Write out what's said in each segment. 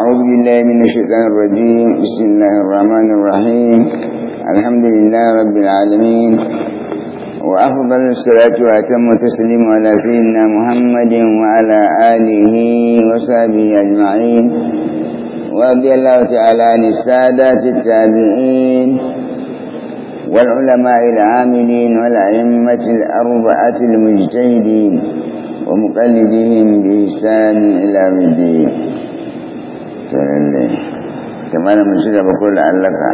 أعوذ بالله من الشيطان الرجيم بسم الله الرحمن الرحيم الحمد لله رب العالمين وأفضل الصلاة وأتم التسليم على سيدنا محمد وعلى آله وصحبه أجمعين ورضي الله تعالى عن السادة التابعين والعلماء العاملين والأئمة الأربعة المجتهدين ومقلدهم بإحسان إلى الدين sanin ne kamar mun ci gaba ko la'allaka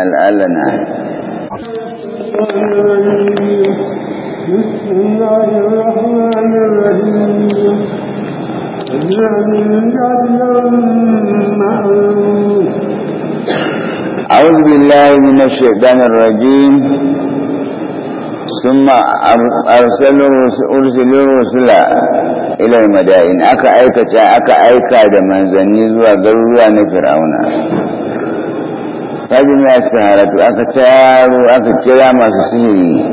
al'alana بسم أعوذ بالله من الشيطان الرجيم ثم أرسلوا أرسلوا رسلا ilal madain aka aikata aka aika da manzanni zuwa garuruwa na fir'auna fajin ya saharatu aka taro aka kira masu sihiri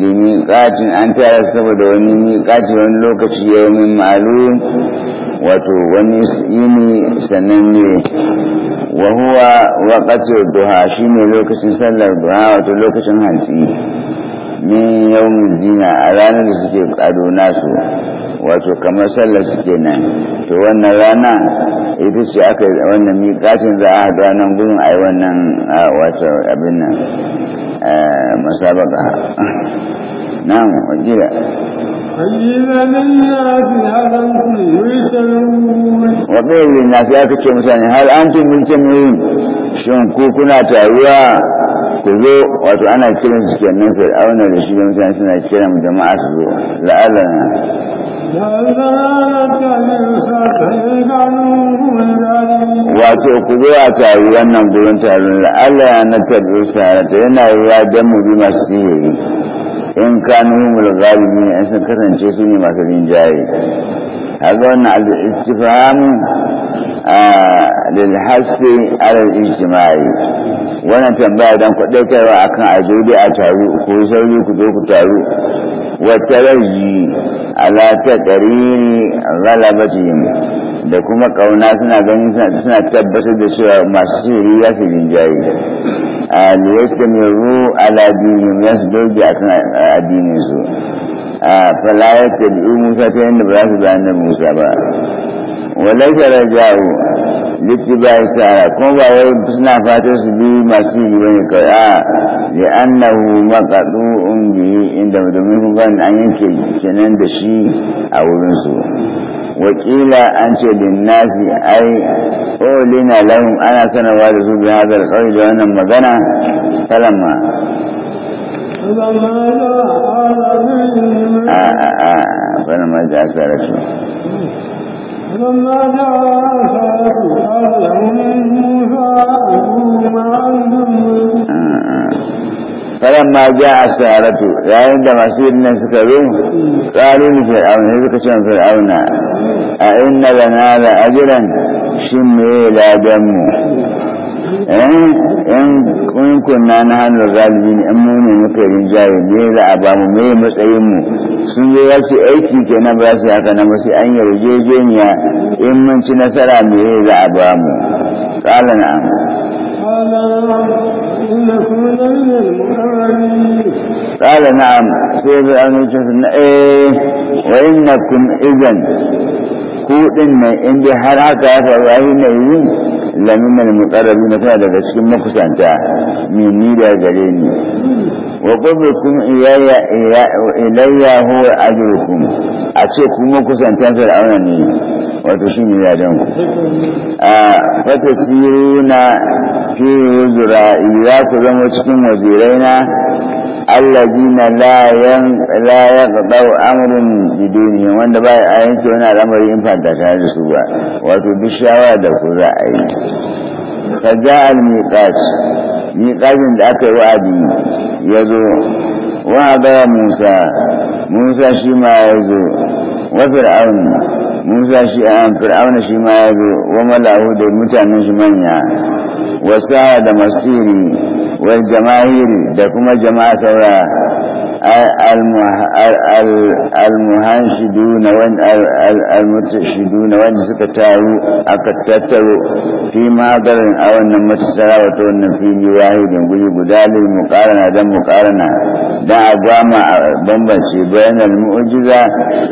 limiƙatin an tara saboda wani miƙaci wani lokaci yau min ma'alum wato wani yini sannan ne wa huwa waqatu duha shine lokacin sallar duha wato lokacin hantsi min yawmin zina a ranar da suke kado nasu wato kamar sallar suke nan to wannan rana ita ce aka wannan miƙatin za a haɗu nan gudun a yi wannan wato abin nan masabaka nan wajira waɓe na fi aka ce mutane har an tun mun ce mu shin ku kuna taruwa ku zo wato ana kiran su kenan auna da shi da mutane suna kiran jama'a su zo la'alana wato ku zo a taru wannan gurin taron ya na tabi sarata yana ruwa don mu bi masu sihiri in ka kanu mulgalibi ne sun kasance su ne masu rinjaye أظن الاستفهام للحث على الاجتماع wannan tambaya dan kwadaitarwa akan a zo a taru ko sauri ku zo ku taru wata rayi ala ta qarini ghalabatihim da kuma ƙauna suna gani suna tabbatar da cewa masu sihiri ya su rinjaye a liyastamiru ala dinihim ya doge akan addinin su a fala ya tabi'u musa ta yadda ba za su bayan da musa ba walai ta rajahu liki ba ya tara kuma ba wai suna fatan su bi masu yi bane kawai a ya annahu maqadu ungi inda domin kun ga an yanke kenan da shi a wurin su wakila an ce linnasi ai ulina lahum ana sanarwa da su bi hadal da wannan magana salama bana ma ji aka rashi ma ja a saratu, yayin da masu yin suka zo, tsari ne fi a wani suka ce fi a a inna da na da ajiran shi mai ladan mu. in eh, kunna na hannun galibi ne in mune muka ne za a ba mu me matsayin mu sun zo ya ce aiki kenan ba su haka na masu an yarjejeniya in mun ci nasara me za a ba mu ƙala na kun نعم سيد الأمين inda har haka ya إن إن yi. lamin al-muqarrabi na tana daga cikin makusanta min ni da gare ni wa qurbukum ilayya ilayya huwa ajrukum a ce ku makusantan fir'auna ne wato shi ne ya dan a fatasiruna fi wuzura ya ku zama cikin waziraina الذين لا ين لا amurin امر wanda ba باي ايان wani al'amari in ان ta da su ba wato bishawa da ku za a yi ja al miqat miqatin da aka yi wa'adi yazo wa ga Musa Musa shi ma yazo wa fir'aun Musa shi a fir'aun shi ma yazo wa malahu da mutanen shi manya wasa da masiri wal jama'iri da kuma jama'a saura al-muhanshiduna al wanda suka taru aka tattaro fi magarin a wannan matasara wata wannan fili wahidin guri guda lil muqarana dan muqarana dan a gama bambance bayan al-mu'jiza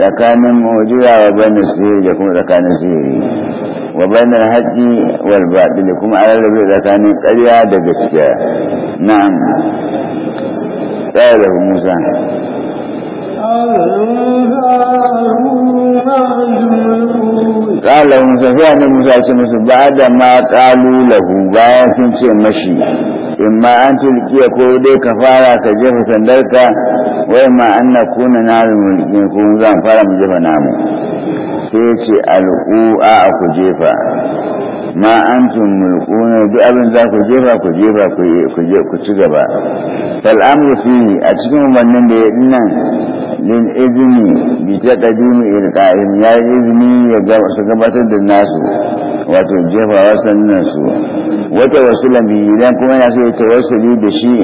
tsakanin mu'jiza wa bayan sihiri da kuma tsakanin sihiri wa bainar haƙi wal baɗili kuma an rarrabe tsakanin ƙarya da gaskiya na'am tsaya musa قال موسى فعل موسى شمس بعد ما قالوا له bayan sun ce mashi ma an tulkiya ko dai ka fara ka jefa sandarka wai ma an na kuna na mulkin ko za mu fara mu jefa namu sai ce al'u'a ku jefa ma an tumulkuna duk abin za ku jefa ku jefa ku ci gaba fal'amru fihi a cikin wannan da ya nan lil izini bi ta qadimu ilqa'im ya yi izini ya gabatar da nasu wato jefa wasannan su wata wasilan bi idan kuma yana so ya tawassuli da shi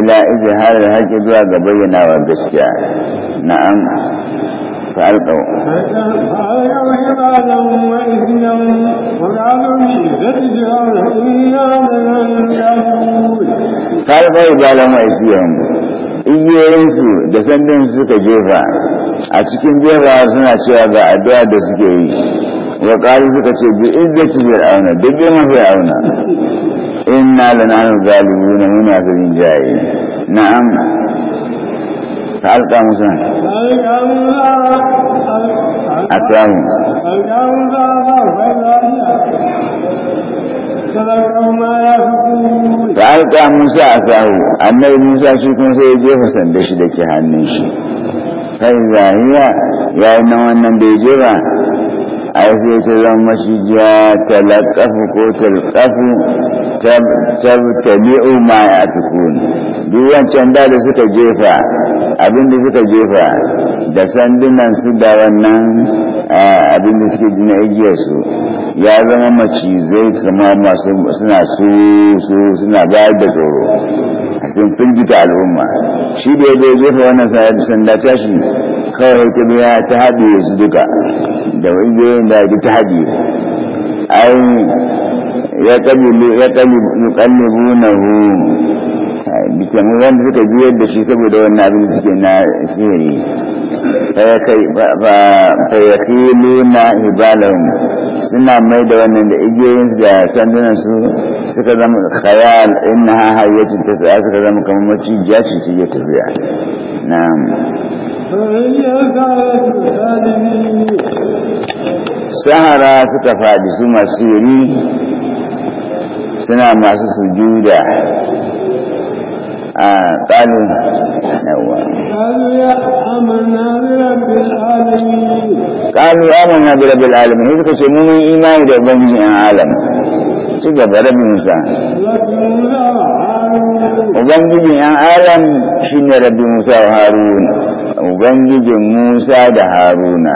ila izhar al-haqqi zuwa ga bayyana wa gaskiya na'am فألقوا karfai balan waisiyan igiyoyinsu da sandin suka jefa a cikin jefa suna cewa ga addu'a da suke yi wa ƙari suka ce bi idda ci fir'auna da girma fir'auna inna da na hannu galibu na muna zirin jaye na'am ka alƙa musu a samu da ka musa a sahu annabi musa shi kuma sai ya jefa sanda shi da ke hannun shi sai zahiya ya yi na wannan da ya jefa ai ta zama mashigiya talakafu ko talakafu tabtali'u ma ya tukuni duk wancan da da suka jefa abin da suka jefa da sandunan su da wannan abin da suke jina igiyar ya zama macizai kama masu suna su suna bayar da tsoro sun firgita al'umma shi da ya zai jefa wannan sayar sanda tashi kawai ta biya ta ya su duka da wani da ya ta haɗe ai ya bu na hu bikin wanda suka biya da shi saboda wannan abin da suke na sihiri fayakilu na hibalahun suna mai da wannan da igiyoyinsu da sandunansu su suka zama khayal innaha hayyatun tafiya suka zama kamar macijiya ce ce ya tafiya na'am sahara suka faɗi su masu yuri suna masu sujuda a ƙalin yawa ƙalu amana bi rabbil alamin suka ce mun imani da ubangijin alam ci gaba da musa ubangijin yan alam ne rabbi musa wa haruna ubangijin musa da haruna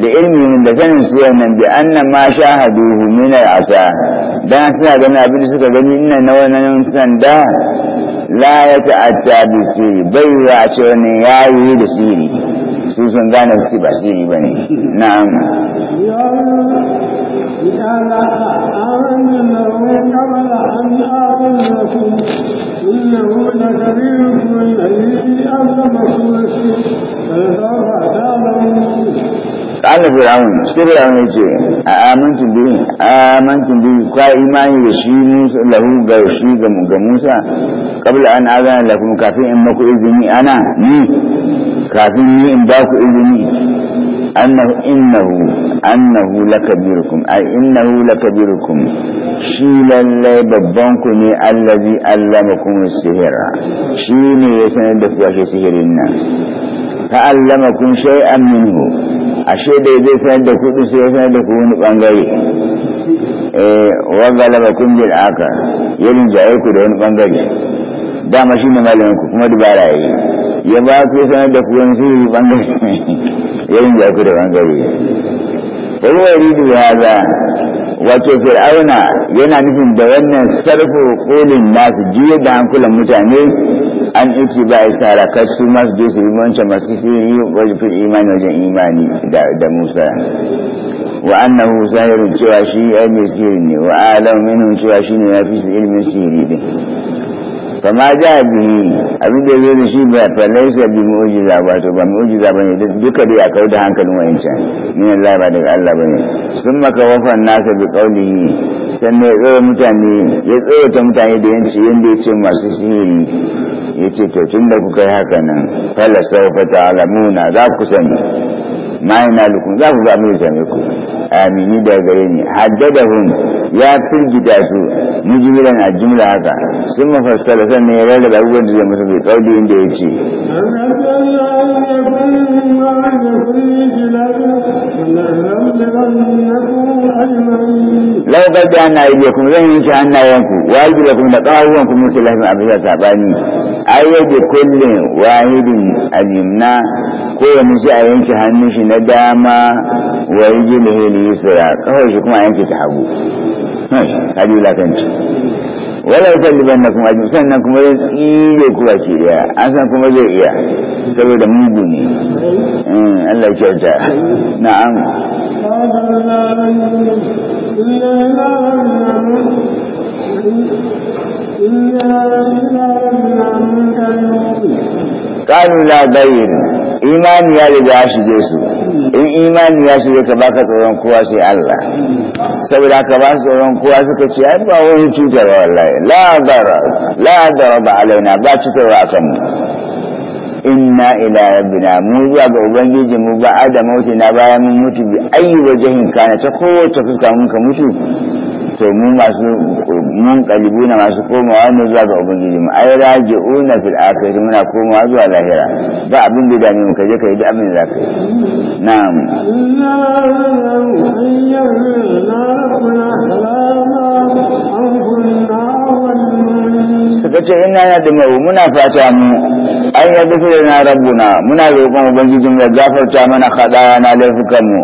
da ilmin da sanin su wannan bi Annan ma shahaduhu min al-asa dan suna gani abin da suka gani ina na wannan sanda la ya ta'atta bi bai ya ce wannan yayi da siri. su sun gane su ba shiri ba ne na'am قال فرعون sai فرعون yace amantu bi amantu bi kwa imani da shi Musa lahu ga shi ga Musa qabla an azana lakum kafin in maku izini ana ni kafin ni in ba ku izini annahu innahu annahu lakabirukum ai innahu lakabirukum shi lallai babban ku ne allazi allamakum sihira shi ne ya sanar da ku ashe sihirin nan ta allamakum shay'an minhu ashe dai zai sanar da ku sai ya sanar da ku wani bangare eh laba kun bil akar yarin jaye ku da wani bangare dama shi ne malamin ku kuma dubara yayi ya ba ku ya sanar da ku wani shiri bangare yayin da ku da bangare wani wari ridu ya za wato fir'auna yana nufin da wannan sarfo kolin nasu jiya da hankulan mutane an iki ba isa harakar su masu je su yi wancan masu sirri wajen imani wajen imani da musa wa annahu sahirun cewa shi yi mai sihiri ne wa alam minhum cewa shi ne ya fi su ilmin sihiri din kama ja bihi abin da zai da shi ba falaisa bi mu'jiza to ba mu'jiza bane duka dai a kau da hankalin wayancan ni Allah ba daga Allah bane sun maka wafan nasa bi qaulihi sannan ya zo mutane ya tsaya ta mutane da yanci yanda ya ce masu sihiri ya ce to tun da kuka yi haka nan fala saufa ta'lamuna za ku sani ma yana lukun za ku ga mu same ku amini da gare ni haddadahum ya firgita su mujmilan a jumla haka sun mafassara sannan ya rarraba abubuwan da zai musu bai kauli inda ya ce lau gaji ana kuma zan yi shi ku wajibi kuma da ƙawaruwan kuma su lafi a bisa sabani ayyade kullum wahidin alimna ko wani shi a yanke hannun shi na dama wa na jilihi liyisira kawai shi kuma a yanke wala ya kalli ban kuma ajin sannan kuma zai kuwa ce da an san kuma zai iya saboda mugu ne mm, Allah kyauta na'am kanu la bayin imani ya riga shige su in imani ya shige ka baka tsoron kowa sai Allah saboda ka ba su tsoron kowa suka ce ai ba wani cutar wallahi la dara la ba alaina ba cutarwa a In inna ila rabbina mu zuwa ga ubangiji mu ba Adamu na bayan mun mutu bi ayi wajahin kana ta kowace fuska mun ka mutu to mu masu mun kalibu na masu komawa ne zuwa ga ubangiji mu ai raji'una fil akhirati muna komawa zuwa lahira ba abin da dame mu kaje kai da abin da zaka yi na'am suka ce ina na da mai muna fata mu an yi da na rabbuna muna roƙon ubangijin ya gafarta mana kaɗaya na mu.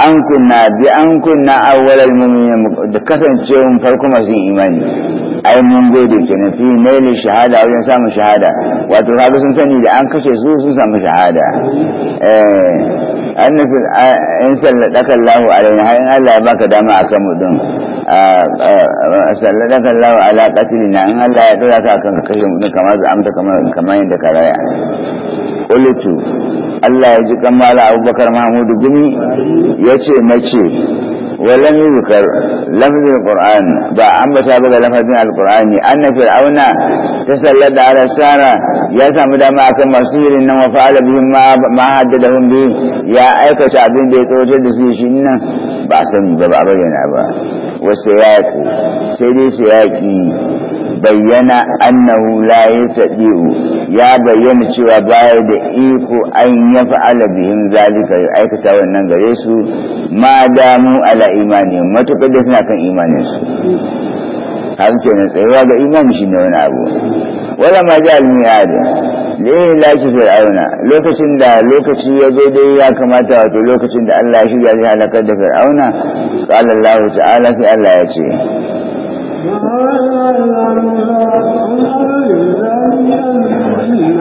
an kunna bi an kunna awwalal mu'minin da kasancewa farko masu imani ai mun gode kenan fi mailin shahada wajen samun shahada wato kaga sun sani da an kashe su sun samu shahada eh, An nufin in lahu a rai har in Allah ya baka dama a mutum salladaka a ala na in Allah ya tura ka kan kashe mutum kamar su amta kamar kamar yadda ka raya Allah ya ji mala Abubakar mahmudu gumi yace mace ولم يذكر لفظ القرآن بأم بتابع لفظ القرآن أن فرعون تسلط على سارة يسمى دماء كمصير إنما فعل بهم ما, ما حددهم به يا أيك شعبين بيتوجد في شنة بعثني بابا بينا با وسياق سيدي سياقي بين أنه لا يستطيع ya bayyana cewa baya da iko an ya fa'ala bihin zalika ya aikata wannan gare su ma damu ala imani matuƙar da suna kan imanin su har ke na tsayuwa ga imani shi ne wani abu wala ma ja al-mi'ad lai laki fir'auna lokacin da lokaci ya zo dai ya kamata wato lokacin da Allah ya shirya zai halakar da fir'auna qala Allah ta'ala sai Allah ya ce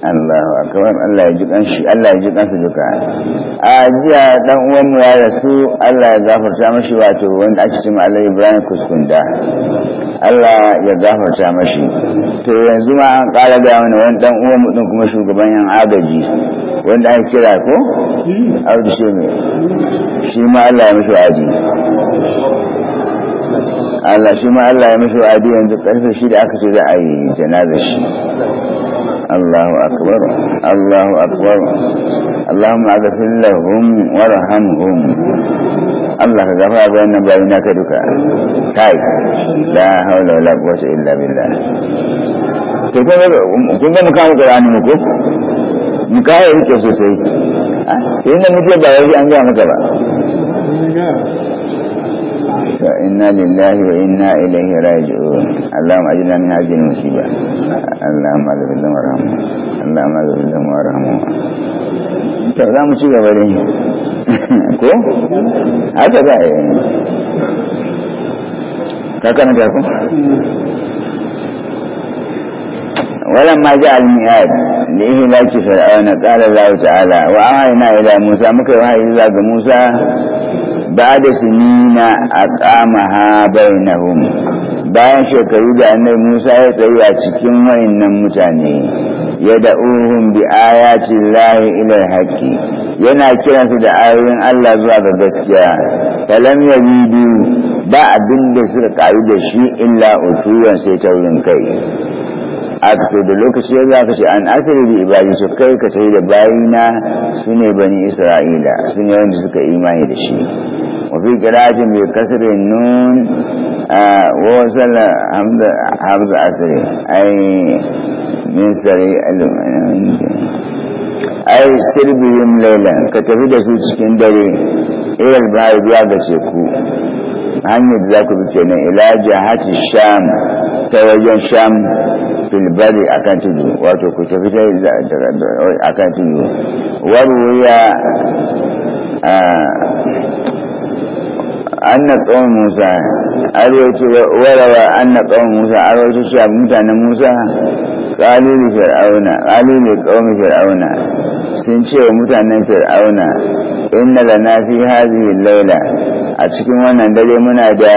Allahu akbar Allah ya ji shi Allah ya ji su duka a jiya dan uwan mu ya rasu Allah ya gafarta mashi wato wanda ake cewa Allah Ibrahim Kuskunda Allah ya gafarta mashi to yanzu ma an ƙara ga mana wani dan uwan mu din kuma shugaban yan agaji wanda ake kira ko Audu Sheme shi ma Allah ya mashi aji Allah shi ma Allah ya mashi aji yanzu karfe shi da aka ce za a yi janazar shi الله أكبر الله أكبر اللهم اغفر لهم وارحمهم الله غفا بين بينك دكا كاي لا حول ولا قوة إلا بالله kun ga mukamu ƙirani muku mukamu ya rike sosai inda mutu ba wai an gaya maka ba inna lillahi wa inna ilaihi raji'un Allahumma ajina min hajin musibah Allahumma azabillahum warahmu Allahumma azabillahum warahmu Tak tahu musibah pada ini Aku? ka tak ya? Takkan ada aku? Walam maja'al mi'ad Lihi laki fir'awna Kala Allah Ta'ala Wa awayna ila Musa Muka wahai ila Musa بعد سنين أقامها بينهم bayan shekaru da annabi Musa ya tsaye a cikin wayannan mutane ya da'uhum bi ayatin lahi ila haƙƙi" yana kiransu da ayoyin Allah zuwa ga gaskiya falam yabidu ba abin da suka karu da shi illa utuwan sai taurin kai aka ce da lokaci ya zaka ce an asiri da ibadi su kai ka sai da bayina su ne bani isra'ila su ne wanda suka imani da shi wafi kirajin mai kasirin nun a wasan hamza asiri ai min sare alimanci ai sirbihim lailan ka tafi da su cikin dare ilal bahar biya ga teku hanyar da za ku bi kenan ila jahati sham ta wajen sham filbari bari kan tudu wato ku tafi ta a tudu warwuya an na tsawon musa arwaci warawa an na tsawon musa arwaci shi mutanen musa kalili fir'auna kalili tsawon fir'auna sun ce wa mutanen fir'auna inna lana fi hazihi laila a cikin wannan dare muna da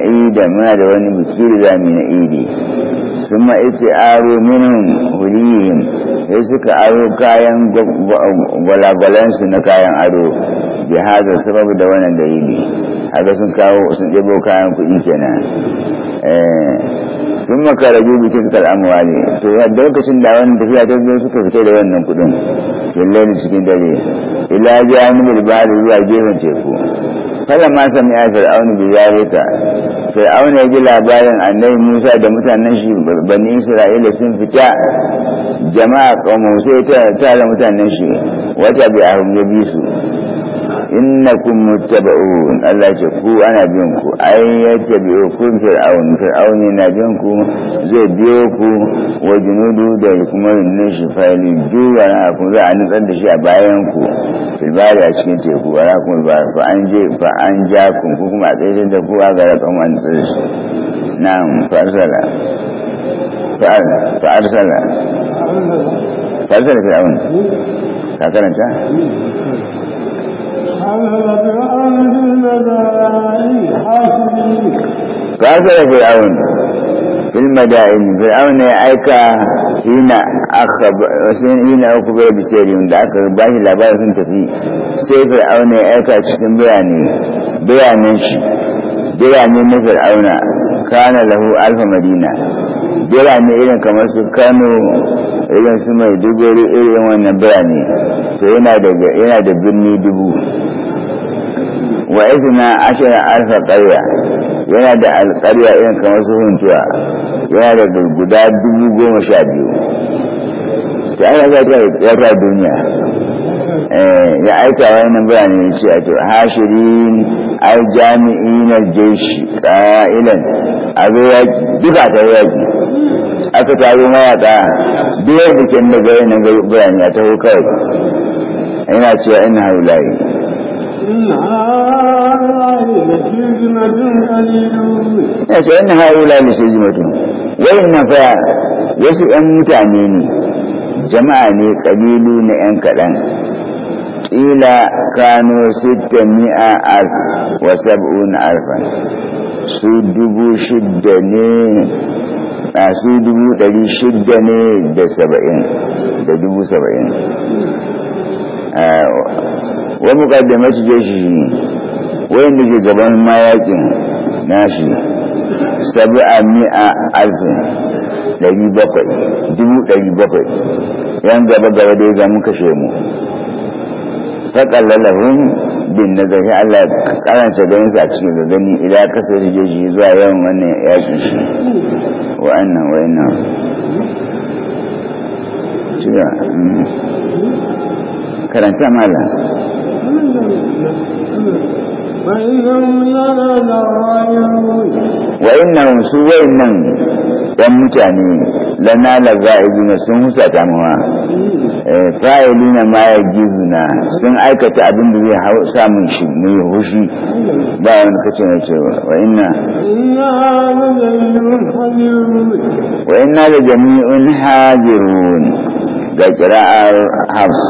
ida muna da wani biki da zamu na idi ma ita aro minhum hulihim sai suka aro kayan gwalagwalansu na kayan aro bi haza sababu da wannan dalili a ga sun kawo sun ɗebo kayan kuɗi kenan eh, sun makarabi bikin kal'amuwa ne to da lokacin da wani tafiya ta zai suka fita da wannan kuɗin ne cikin dare ila biya ba da zuwa gefen teku kala ma sami a fir'aunu bi zalika fir'aunu ya ji labarin annabi musa da mutanen shi bani isra'ila sun fita jama'a kawo sai ta tara mutanen shi wata bi a ya bi su innakum muttaba'un Allah ce ku ana bin ku ai yake biyo ku fir'aun fir'aun na bin ku zai biyo ku wa junudu da kuma rundunar shi fali duwa na ku za a nutsar da shi a bayan ku filbari a cikin teku ba kuma ba fa an je fa an ja ku kuma a tsaye da ku a ga kan wani tsir na'am farsala farsala farsala fir'aun ka karanta da fir'aun da madain fir'aun ya aika ina aka ina uku bai bisariun da aka ba shi labarin sun tafi sai fir'aun ya aika cikin birane biranen shi birane na fir'auna kana lahu alfa madina birane irin kamar su kano irin su mai duguri irin wannan birane to yana da birni dubu wa isna ashirin alfa ƙarya yana da alƙarya irin kamar su huntuwa yana da guda dubu goma sha biyu ta ana ya ta duniya eh, ya aika wannan birane ya ce a to hashirin aljami'in aljeshi ƙa'ilan a zo duka ta yaki aka taru mawaƙa biyar bikin daga yanar birane a taho kawai ina cewa ina layi. ina cewa ina haulayi da shi jimatun wai na fa wasu ‘yan mutane ne jama'a ne ƙabilu na ‘yan kaɗan ƙila kano sita mi'a Wasu, wa sab'un alfan su dubu shidda ne a su dubu dari shida ne da saba'in da dubu saba'in wani mukaddamaci jeshi ne wanda ke gaban mayakin nashi saba'a mi'a alfin ɗari bakwai dubu dari bakwai yan gaba gaba da ya mu ta faƙalla lahun bin nazari Allah karanta ganin sa cikin gani idan kasar shi zuwa yawan wannan yakin shi wa'annan wa'annan cewa karanta mala wa'annan su wa'annan ɗan mutane lana lazza'i sun husata mawa Eh, fa'ilina ma ya gizuna sun aikata abin da zai hau samun shi mu yi hushi ba wani kace na ce wa inna wa inna da jami'un hajirun ga kira'ar hafs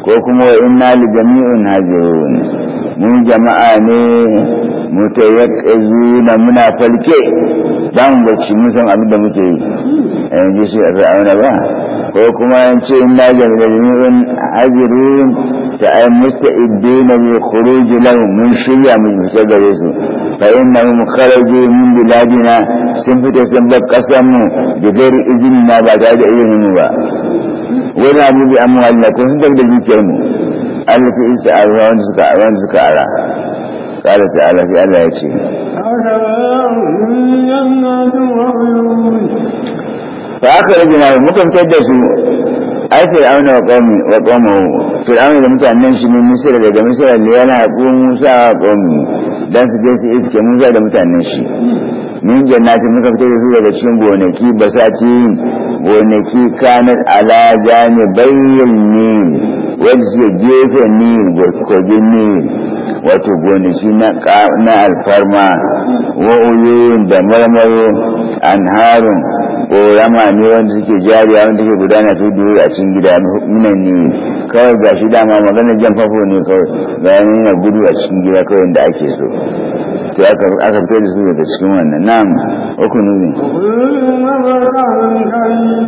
ko kuma wa inna da jami'un hajirun mun jama'a ne mutayakkazuna muna falke dan bacci mun san abin da muke yi yanzu eh, sai a auna ba ko kuma an ce inna jami'un ajirun ta ay musta'idin li khuruj lahum mun shirya mun fita gare su fa innahum kharaju min biladina sun fita sun bar kasar mu da gairi izinin na ba ta da izinin mu ba wani abu bi amma amwalina ko sun tafi da dukiyar mu alfi isa arwa wanda suka wanda suka ara qala ta'ala fi Allah ya ce. fa akhrajna mukan tadda su ai fir'auna wa qaumi wa qaumahu fir'auna da mutanen shi min misira da misira ne yana haƙo musa wa dan su je su iske musa da mutanen shi min jannati muka fito da su daga cikin gonaki basati gonaki kanat ala janibayil nil wanda suke gefen nil kogin nil wato gonaki na alfarma wa da marmaro anharun rama ne wanda suke jariya wanda suke gudana su biyu a cikin gida minan ne kawai ga shi dama maganar jan fafo ne kawai ga yana yana gudu a cikin gida kawai da ake so to aka fito da su daga cikin wannan nan wa kunuzi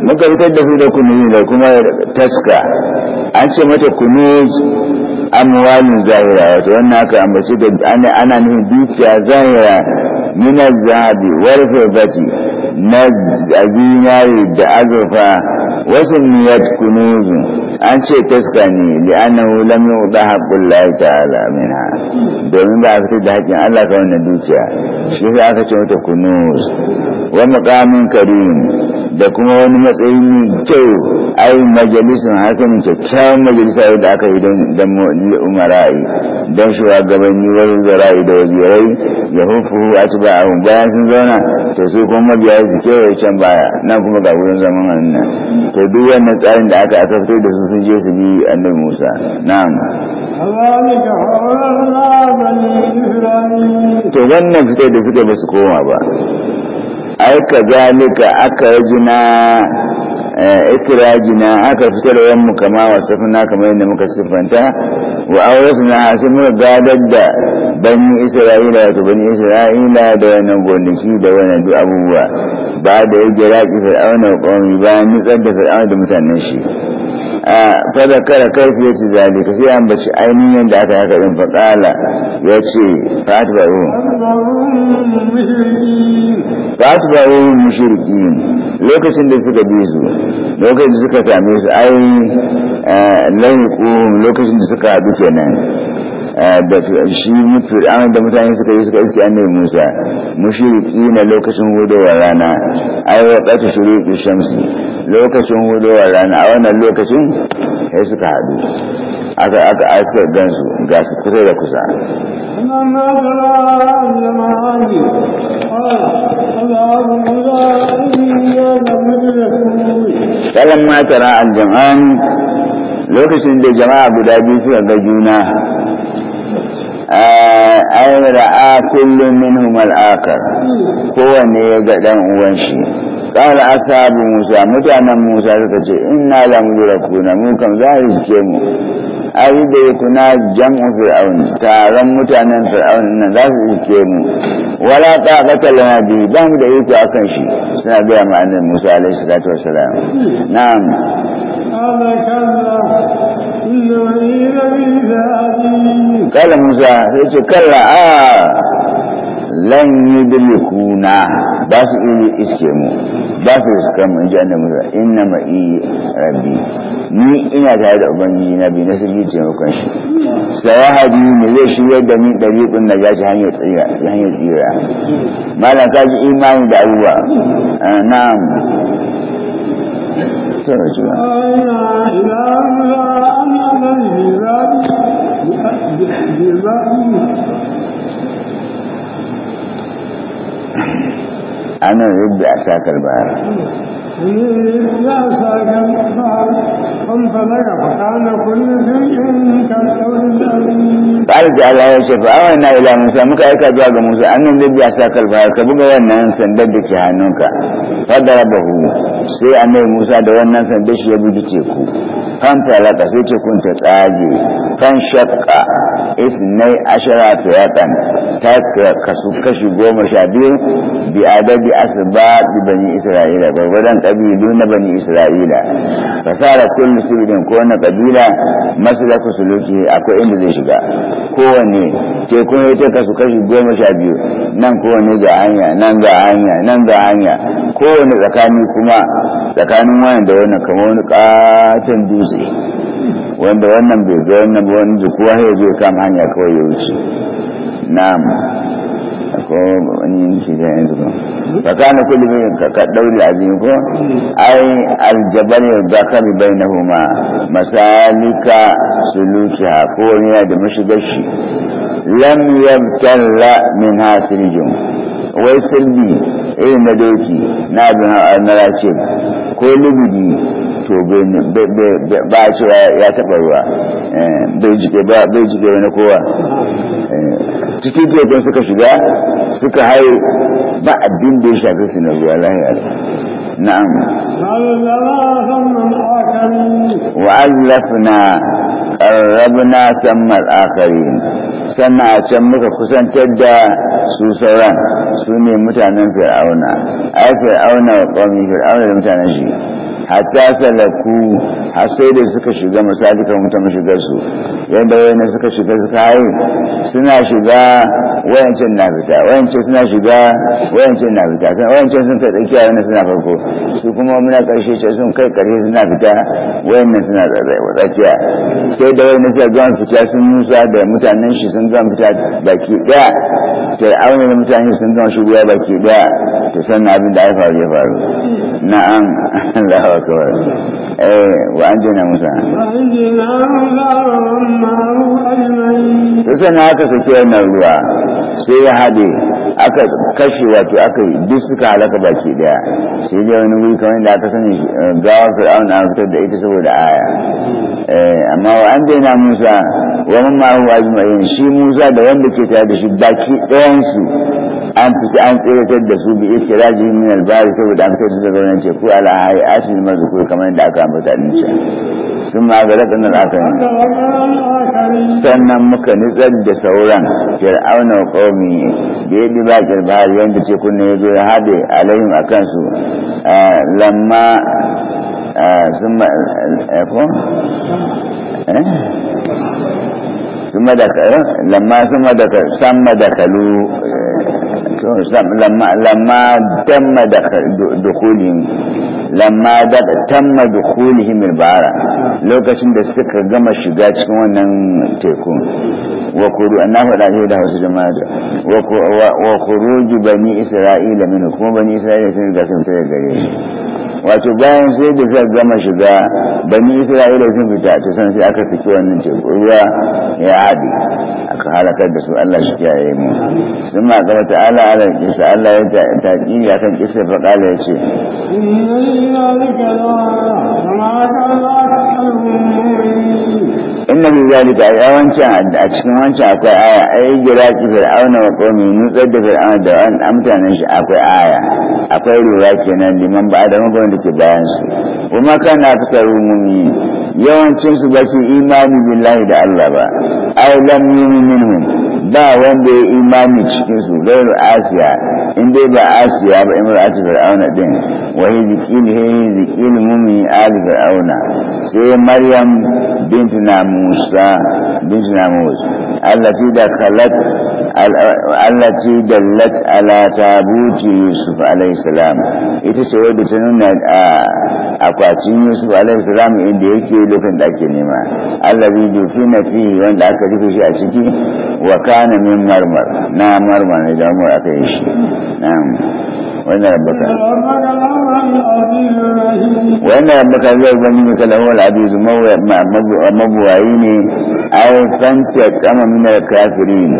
muka fitar da su da kunuzi da kuma taska an ce mata kunuz amwalin zahira wato wannan aka ambaci da ana nufin dukiya zahira minar zahabi warfe firdati na da azurfa wasu niyar kunuzu an ce taska ne li'annahu lam yuda haƙƙun layi ta al'amina domin ba a fitar da haƙƙin Allah ka wannan dukiya shi sai aka ce mata kunuzu wani ƙamin karim da kuma wani matsayi mai kyau ai majalisun hakan kyakkyawan majalisa da aka yi don umara'i don shugabanni wajen zara'i da wajirai ya hufu a ci ba a bayan sun zauna to su kuma mabiya su kewaye can baya nan kuma ga wurin zaman nan to duk wannan tsarin da aka aka fito da su sun je su bi annabi musa na'am to wannan fitar da suke ba su koma ba aika zalika aka na. ikirajina aka fito da yanmu kama wasafna kamar yadda muka siffanta wa auratna sai muka gadar da bani isra'ila wato bani isra'ila da wannan gonaki da wannan duk abubuwa ba da ya jira ki fir'auna qawmi ba nutsar da fir'auna da mutanen shi fa zakara kayfiyat zalika sai an bace ainihin da aka haka din fa qala yace fatba'u fatba'u mushrikin lokacin da suka bi su lokacin da suka same su ai eh, lahiquhum lokacin da suka haɗu kenan eh, da shi an da mutane suka yi suka iske annabi Musa mushriki na lokacin hudowar rana ai wa waqatu shuruqi shamsi lokacin hudowar rana a wannan lokacin sai suka haɗu aka aka gan gansu ga su kusa da kusa kalan matara aljam'an lokacin da jama'a guda biyu suka ga juna an ra'a kullum minhum akar kowanne ya ga ɗan uwan shi qala ashabu musa mutanen musa suka ce inna la mudrakuna mun kam za mu ce mu ai da kuna jam'u fir'aun taron mutanen fir'aun nan za su ce mu wala taqata lana bi ba mu da iko akan shi suna ga ma'anar musa alaihi salatu wassalam na'am kala musa sai ce kalla a lan yi dirikuna ba su iya iske mu ba su iska mu in ji annan musa inna ma iya rabbi ni ina tare da ubangiji na bi na su ji taimakon shi saya hadi ne zai shigar da ni ɗariƙun na ya ci hanyar tsira malam ka ji imani da abubuwa ah, na'am Thank you. ana yadda a takar baya ya sa gan Allah ya ce fa awana ila Musa muka aika zuwa ga Musa annan zai biya sa kalba ka buga wannan sandar da ke hannunka bahu sai annabi Musa da wannan sandar shi ya bugi teku kan talaka sai tekun ta tsage kan shakka isnai ashara fiyatan ta kasu kashi goma sha biyu bi adadi asba bani Isra'ila gwargwadon ƙabilu na bani isra'ila fasara kullu sirrin ko na ƙabila masu ku suluki akwai inda zai shiga wanne ce kun yi ta kasu kashi goma sha biyu nan kowanne ga hanya nan ga hanya nan ga hanya kowane tsakani kuma tsakanin wani da wannan kamar wani katon dutse wanda wannan bai ga wannan wani duk wani zai kama hanya kawai ya wuce na'am Akwai wani yi shi da yanzu ba fa kana kullu min ka dauri azim ko ai bai na bainahuma masalika sulukiha ko ne da mashigar shi lam yabtalla min hasrijum wai sirbi irin eh, na doki na abin ah, ce ko libidi to ba a cewa ya taɓa ruwa eh, bai jike wani kowa eh, cikin gobe suka shiga suka hayo ba abin da ya shafi su na ruwa lahiyar na'am wa'allafna qarrabna samma al-akharin sannan a can muka kusantar da su sauran su ne mutanen fir'auna ai fir'auna wa qaumi fir'auna da mutanen shi hatta salaku har sai da suka shiga misali kan mutum shigar su yadda wayannan suka shiga suka haye suna shiga wayancin na fita wayancin suna shiga wayancin na fita wayancin sun kai tsakiya wayannan suna farko su kuma muna karshe ce sun kai karshe suna fita wayannan suna tsakiya sai da wayannan suka gama fita sun musa da mutanen shi sun gama fita baki daya sai auna da mutane sun gama shigowa baki daya to sannan abin da ya faru ya faru na'am Allahu akbar eh wa anjina Musa sai na aka saki wannan ruwa sai ya hade aka kashe wato aka duk suka halaka baki daya sai dai wani wuri kamar da aka sani gawar fir'aun an fitar da ita saboda aya eh, amma wa anjina Musa wa mamma huwa ajma'in shi Musa da wanda ke tare da shi baki dayan su an fiti an tsiratar da su bi istirajin min albari saboda an fitar da zaune ce ku ala hayi ashil ku kamar yadda aka ambata din shi sun ma ga rakan yi. sannan muka nitsar da sauran fir'auna qaumi da ya ba kirbari yadda ce kun ya zo ya a layin a kansu. lamma ثم ثم ذكر لما ثم ذكر ثم لما لما تم دخولهم لما تم دخولهم البحر lokacin da suka gama shiga cikin wannan teku wa kuru annahu alaihi da wasu jama'a wa khuruj bani isra'ila min kuma bani isra'ila sun riga sun fita gare shi wato bayan sai da zai gama shiga bani isra'ila sun fita ta san sai aka saki wannan teku ruwa ya haɗe aka halakar da su allah shi kiyaye mu sun ma gaba ta ala ala kisa allah ya taƙiri akan kisa faƙala ya ce inna bi zalika a wancan a cikin wancan akwai aya ai gira ki fir'auna wa qaumi nutsar da fir'auna da mutanen shi akwai aya akwai lura kenan liman ba da mabon da ke bayan su kuma kana aksaru rumuni yawancin su ba su imani billahi da Allah ba ai lam yu'minun ba wanda ya imani cikin su gairu asiya in dai ba asiya ba imra'atu fir'auna din wa hizqil hizqil mu'min ali fir'auna sai maryam بنت ناموسة بنت ناموس التي دخلت التي دلت على تابوت يوسف عليه السلام ita ce wadda ta nuna akwatin yusuf alaihi salam inda yake lokacin da ake nema allazi dufina fihi wanda aka rufe shi a ciki wa kana min marmar na marmar ne da mu aka yi shi na'am wannan rabbaka wannan rabbaka zai ubangiji ne kalahu al-aziz mabuwayi ne a fanta kama min al-kafirin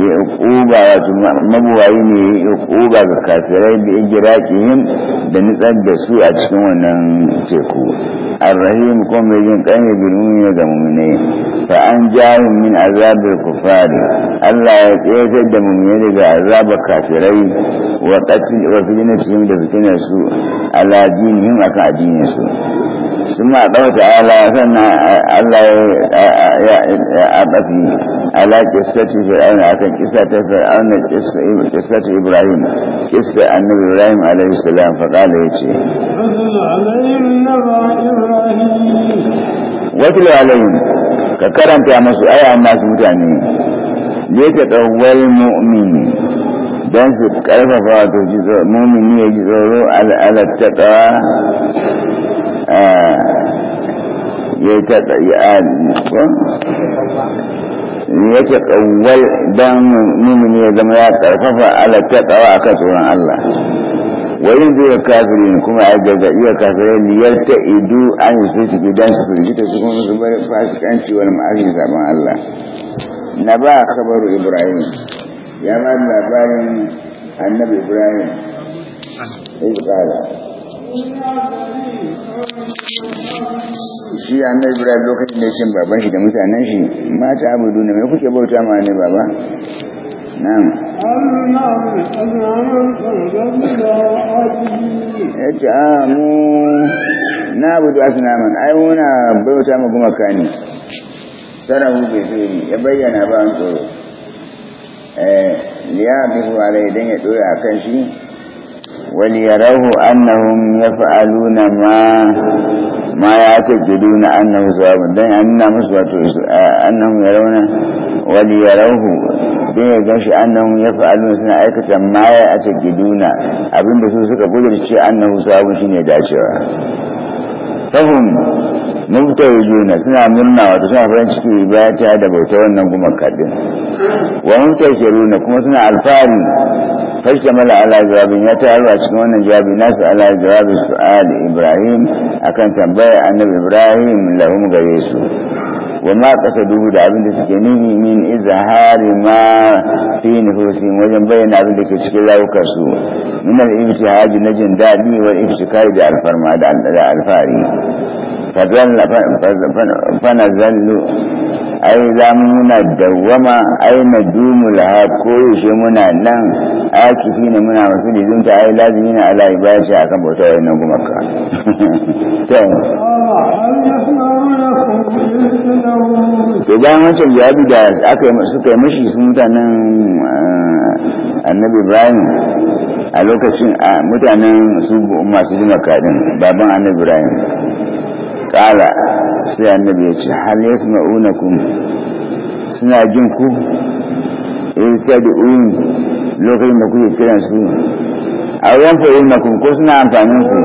ya uquba wato mabuwayi ne ya uquba ga kafirai da ijraqihim da nitsar da su a cikin wannan teku ar-rahim kuma mai jin kai ne bil mu'mini ga mu'mini fa an jahu min azabil kufari Allah ya tsayar da mu'mini daga azabar kafirai wa qatl wa fi fitinatum da fitinar su ala dinihim akan addinin su ma ɗauka ala sannan Allah ya abafi ala kistati fir'aun kan kista ta fir'aun da kistati Ibrahim kista annabi Ibrahim alaihi salam faƙala ya ce wakilu alayhim ka karanta masu aya masu mutane ne ta ɗauwar mu'mini don su karfafa wato mumini ya ji tsoro alattakawa ya ta ya ce kawal don mumini ya zama ya karfafa alattakawa a kan Allah wani zai kafiri kuma ya gargaɗi ya kafirai liyar ta idu an yi su ciki don su firgita su kuma su bari fasikanci wani ma'azin zaben Allah na ba a kabaru Ibrahim ya ba da labarin annabi ibrahim yi kala shi annabi ibrahim lokacin da ya baban shi da mutanen shi mata abudu ne mai kuke bauta ma ne baba na'am ya ce a ah, mu na abudu asinaman ai muna bauta ma gumaka ne sarrafa bai ya bayyana ba an tsoro bi bihu rai dan ya dora kan shi wani ya rahu annahum ya fa'aluna ma ma ya ta gudu na annahu sawabun dan ya nuna musu wato eh, annahum ya rauna wani ya rahu dan ya gan shi annahum ya na suna aikata ma ya ta gudu na abinda su suka gudurce annahu shi shine dacewa fahim mun ta suna murna wata suna farin ciki ba ta da bauta wannan gumakar kadin wa mun ta juna kuma suna alfaharin fashe mala ala jawabin ya ta a cikin wannan jawabi nasu ala jawabin su'ali ibrahim akan tambaya annabi ibrahim lahum gare su kasa dubu da abin da suke nuni min izhari ma fi nufusihim wajen bayyana abin da ke cikin rayukan su min al haji na jin dadi wal ibtikar da alfarma da alfari fana fanazallu ai za mu muna dawwama ai na dumu laha koyaushe muna nan akifi ne muna masu lizunta ai lazimi na ala ibashi a kan bauta wani nan kuma ka to bayan wancan jawabi da aka suka yi mashi mutanen eh, annabi ibrahim a lokacin mutanen su masu zuma kadin baban annabi ibrahim kala sai annabi ya ce hal yasma'unakum suna jin ku eh, in tad'un lokacin da kuke kiran su a yan fa'unakum ko suna amfanin ku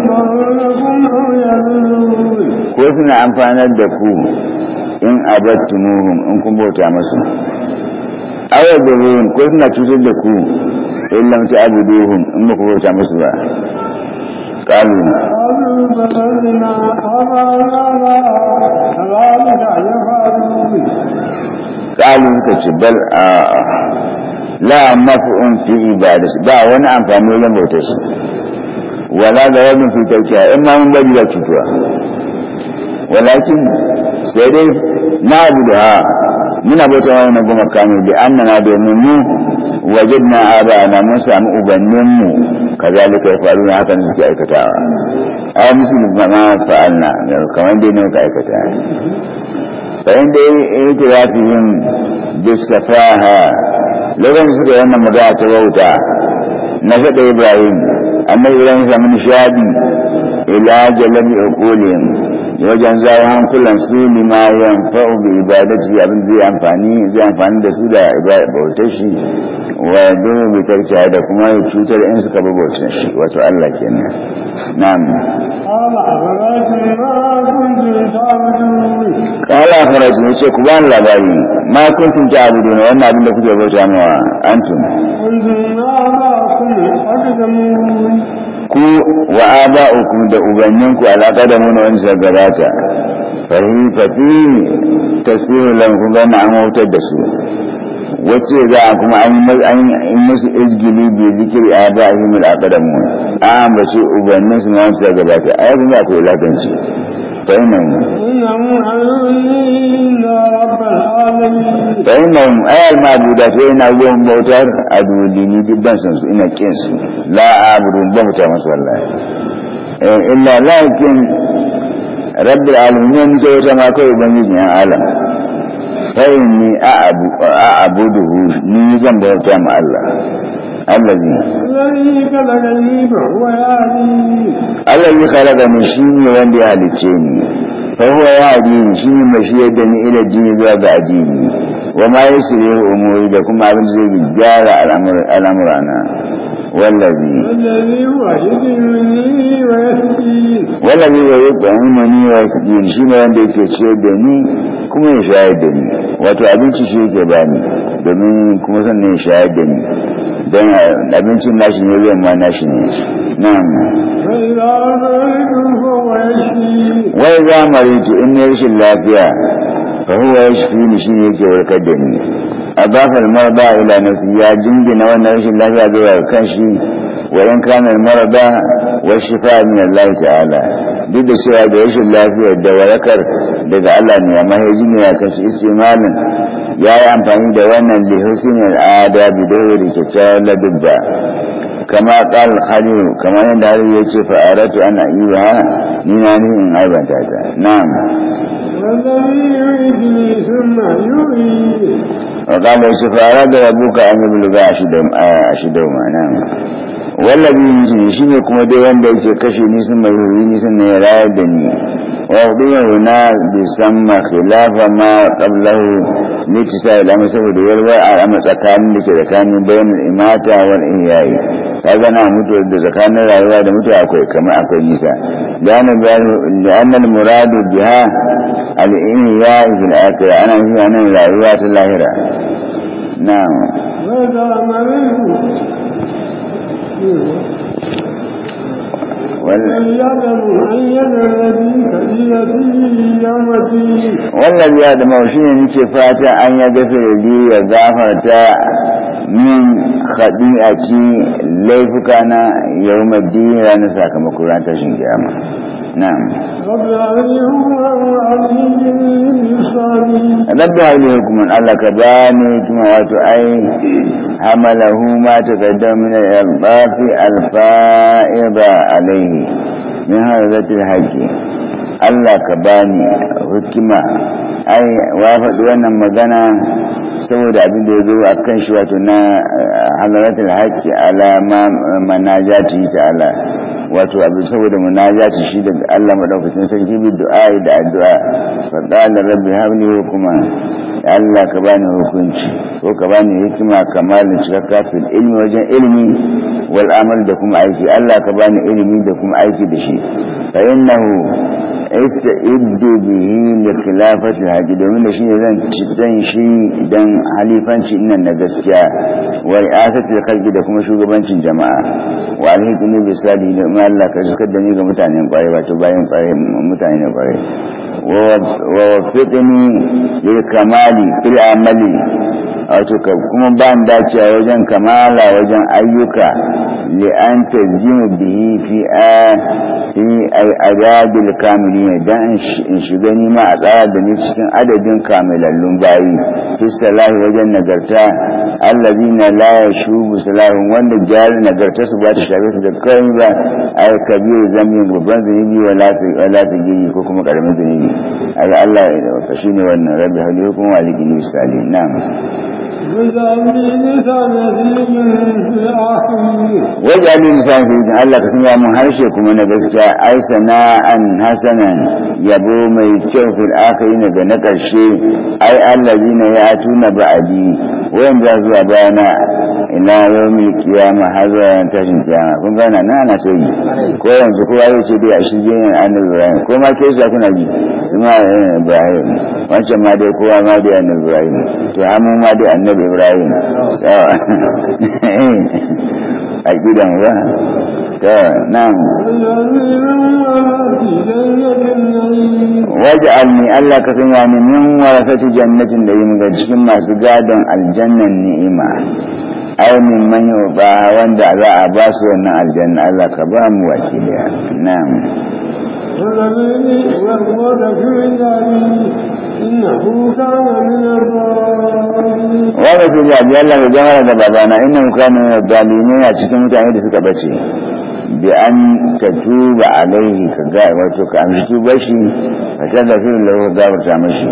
ko suna amfanar da ku in abattumuhum in kun bauta masu awa durun ko suna cutar da ku in lam ta'buduhum in ba ku bauta masu ba qalu Ƙalin ka ce bal a la mafi'un fi ibadis ba wani amfani wajen bautar su wala da wani fi kyaukiya in ma mun bari ya cutuwa walakin sai dai na abu da ha muna bautar na goma kamar bi annana domin mu wajibna aba na mun samu ubanninmu kazalika faru na ne suke aikatawa A musu ma fa'alna kamar dai ne muka aikata bayan dai itirafihim bisafaha lokacin suka yi wannan maza ta wauta na faɗa ibrahim annabi ibrahim samu nishadi ila jalabi uqulihim wajen zai hankulan su ne ma yanfa'u bi ibadati abin zai amfani zai amfani da su da bautar shi wa yadda bi tarkiya da kuma cutar in suka bi bautar shi wato Allah kenan na'am ne ce ku شيخ بان لباري ما كنتم تعبدون ne, أبن لكم جبوت kuke قلت ما كنتم ku wa aba'ukum da ubanninku alaqadamu na wanda gabata fahimfati tasbihu lan kun ga an da su wacce za a kuma an yi musu izgili bi zikiri a ba a yi mul a ambaci ubannin su na wanda gabata yi da akwai lakanci bainan ayar ma buda ta yana yin bautar a dudini dubban sansu ina kinsu la a buru ba mutu masu wallahi rabbi alamin da ya zama kawai ubangiji ya alam sai ni a abu ni zan bauta ma allah allazi allazi khalaqa min shine wanda ya halice ni fa huwa ya adini shine mai shi da ni ila jini zuwa ga adini wa ma yasri umuri da kuma abin da zai gyara al'amurana wallazi wallazi wa yut'imuni wa yasqini shine wanda yake ciyar da ni kuma ya shayar da ni wato abinci shi yake bani domin kuma sannan ya shayar da ni don abincin nashi ne zai ma nashi ne nan wai za maritu in ne rashin lafiya ka huwa shi ne shi ne yake warkar da ni adafal marba ila nafsi ya jingina wannan rashin lafiya zuwa kan shi wa in mara ba wa shifa min Allah ta'ala duk da cewa da rashin lafiya da warakar daga Allah ne amma ya ji ne ya kashi istimalin ya yi amfani da wannan lihusin al'ada bidoyi da ladin ladubba kama kal halilu kamar yadda halilu ya ce fa'aratu ana iya ni na ni in aibata ta na'am وقال يوسف أراد ربك أن يبلغ أشدهم نعم wallabi yunjini shi ne kuma dai wanda yake kashe ni sun mai sun ya da ni wa hudunar na bisamma khilafa ma qablahu ne ci sa ilama saboda yalwa a rama tsakanin da ke tsakanin bayan imata wal ihyayi kaga na mutu da tsakanin rayuwa da mutu akwai kamar akwai nisa لأن لأن المراد بها الإنهياء في الآخرة أنا في أنا الآيات الآخرة نعم والذي يدمع شيء نكفاته أن يغفر لي وغفرته min khadi'ati laifuka na yau madini ranar sakamakon shi tashin kiyama na'am rabbi habli hukumar Allah ka bani kuma wato ai hamala ma taqaddama min al-bafi alfa'ir ba alaihi min hadha zafi haƙi Allah ka bani hikima ai wa faɗi wannan magana saboda abin da ya zo a kan shi wato na halartar eh, haƙƙi ala manajati ta'ala wato abin saboda munajati shi daga Allah madaukakin sarki bi du'a da addu'a fa qala rabbi habni hukuma Allah ka bani hukunci ko ka bani hikima kamalin shiga kafin ilmi wajen ilmi wal amal da kuma aiki Allah ka bani ilimi da kuma aiki da shi fa innahu ista iddu bihi li khilafati haji domin da shine zan ci fitan shi idan halifanci nan na gaskiya wa ri'asati al da kuma shugabancin jama'a wa alhiqni bi sadi ne ma Allah ka da ni ga mutanen kwarai wato bayan mutane mutanen kwaye wa wafiqni ya kamali fil amali wato ka kuma ba ni dacewa wajen kamala wajen ayyuka li an tazimu bihi fi a fi adadil ne dan in shiga nima a tsara da ni cikin adadin kamilallun bayi fi salahi wajen nagarta allabi na laya shubu salahun wanda jari nagarta su ba ta shafe su da kai ba yi kabiru zambin babban zunubi wa lati wala ko kuma karamin zunubi Allah ya da shine wannan rabbi hali ko kuma na'am واجعل لسان سيدنا الله كسم يا مهرشي كما نبسك أي سناء حسنا يبو ميتشو في الآخرين جنكر الشيء أي الذين يأتون بعدي وين جازوا بانا ila yawmin kiyama har zuwa tashin kiyama kun ga nan ana so yi ko yanzu kowa ya ce dai a je yin annabi ibrahim ko ma ke sa kuna ji kuma eh, ibrahim wancan ma dai kowa ma dai annabi ibrahim to amma ma da annabi ibrahim a gidan ba ta nan waje alni allah ka sanya ni min warasati jannatin da yi muka cikin masu gadon aljannan ni'ima ai min manyo ba wanda za a ba su wannan aljanna allah ka ba mu wakiliya nan والأمين والقول في ذلك إنه كان من الظالمين وقال في ذلك يلا بجمال دبابانا إنه كان من الظالمين يا شكرا متعيد في كبشي bi an ta tuba alaihi ka ga wato ka an tuba shi da tallafi lahu gafarta mashi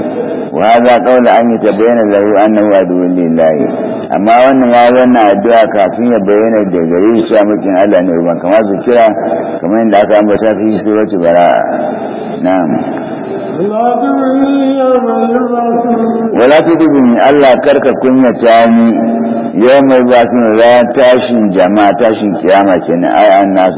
wa hadha da an yi ta yatabayyana lahu annahu aduwwun lillahi amma wannan ya na addu'a kafin ya bayyana da gari su a mukin Allah ne ban kamar kira kamar yadda aka ambata fi wata bara na'am wala ni Allah karka kunyata ni yau mai ba su tashin jama'a tashin kiyama kenan ai an nasu